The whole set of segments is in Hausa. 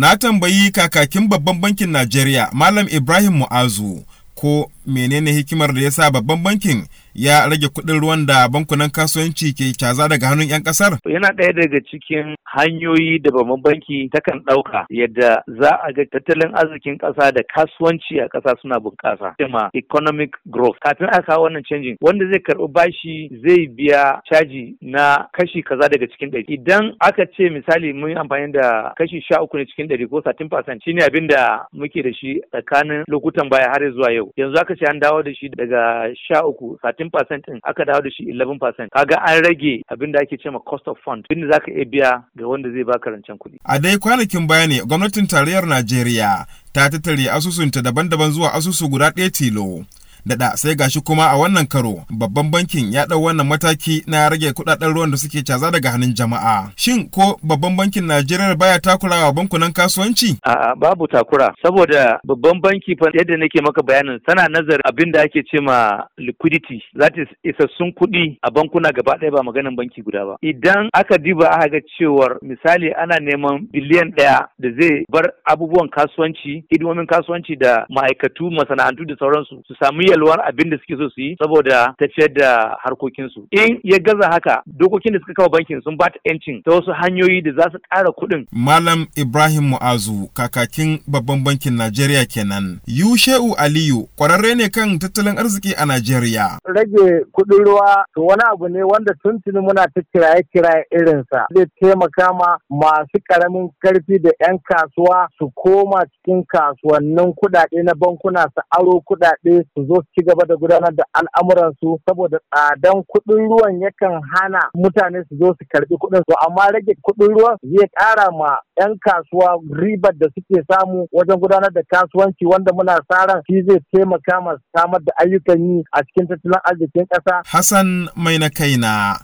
Na tambayi kakakin babban bankin Najeriya Malam Ibrahim Mu'azu ko menene hikimar da ya sa babban bankin ya rage kuɗin ruwan da bankunan kasuwanci ke caza daga hannun 'yan ƙasar? Yana ɗaya daga cikin hanyoyi da babban banki ta kan ɗauka yadda za a ga tattalin arzikin ƙasa da kasuwanci a ƙasa suna bunƙasa. Cima economic growth. Kafin a kawo wannan canjin wanda zai karɓi bashi zai biya caji na kashi kaza daga cikin ɗari. Idan aka ce misali mun yi amfani da kashi sha uku ne cikin ɗari ko satin percent shine abin da muke da shi tsakanin lokutan baya har zuwa yau. Yanzu aka aka an dawo da shi daga sha uku satin percent din aka dawo da shi eleven percent kaga an rage abin da ake cema cost of fund abin da zaka iya biya ga wanda zai baka rancen kuɗi. A dai kwanakin baya ne gwamnatin tarayyar Najeriya ta tattare asusunta daban-daban zuwa asusu guda ɗaya tilo. daɗa sai gashi kuma a wannan karo babban bankin ya ɗau wannan mataki na rage kuɗaɗen ruwan da suke caza daga hannun jama'a shin ko babban bankin najeriya baya takurawa bankunan kasuwanci a'a babu takura saboda babban banki fa yadda nake maka bayanin tana nazarin abin da ake ce ma liquidity that is isassun kuɗi a bankuna gaba ɗaya ba maganin banki guda ba idan aka diba aka ga cewar misali ana neman biliyan ɗaya da zai bar abubuwan kasuwanci hidimomin kasuwanci da ma'aikatu masana'antu da sauransu su samu yalwar abin da suke so su yi saboda ta ciyar da harkokinsu in ya gaza haka dokokin da suka kawo bankin sun ba ta yancin ta wasu hanyoyi da za su ƙara kuɗin. malam ibrahim mu'azu kakakin babban bankin najeriya kenan yushe'u aliyu kwararre ne kan tattalin arziki a najeriya. rage kuɗin ruwa wani abu ne wanda tun tuni muna ta kiraye-kiraye irinsa zai taimaka ma masu ƙaramin ƙarfi da 'yan kasuwa su koma cikin kasuwannin kuɗaɗe na bankuna su aro kuɗaɗe su zo ci gaba da gudanar da al'amuransu saboda tsadan kuɗin ruwan yakan hana mutane su zo su karɓi kuɗin su amma rage kuɗin ruwan zai ƙara ma 'yan kasuwa ribar da suke samu wajen gudanar da kasuwanci wanda muna sa shi zai taimaka ma samar da ayyukan yi a cikin tattalin arzikin ƙasa. Hassan mai na kaina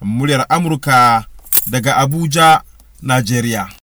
muryar Amurka daga Abuja, Najeriya.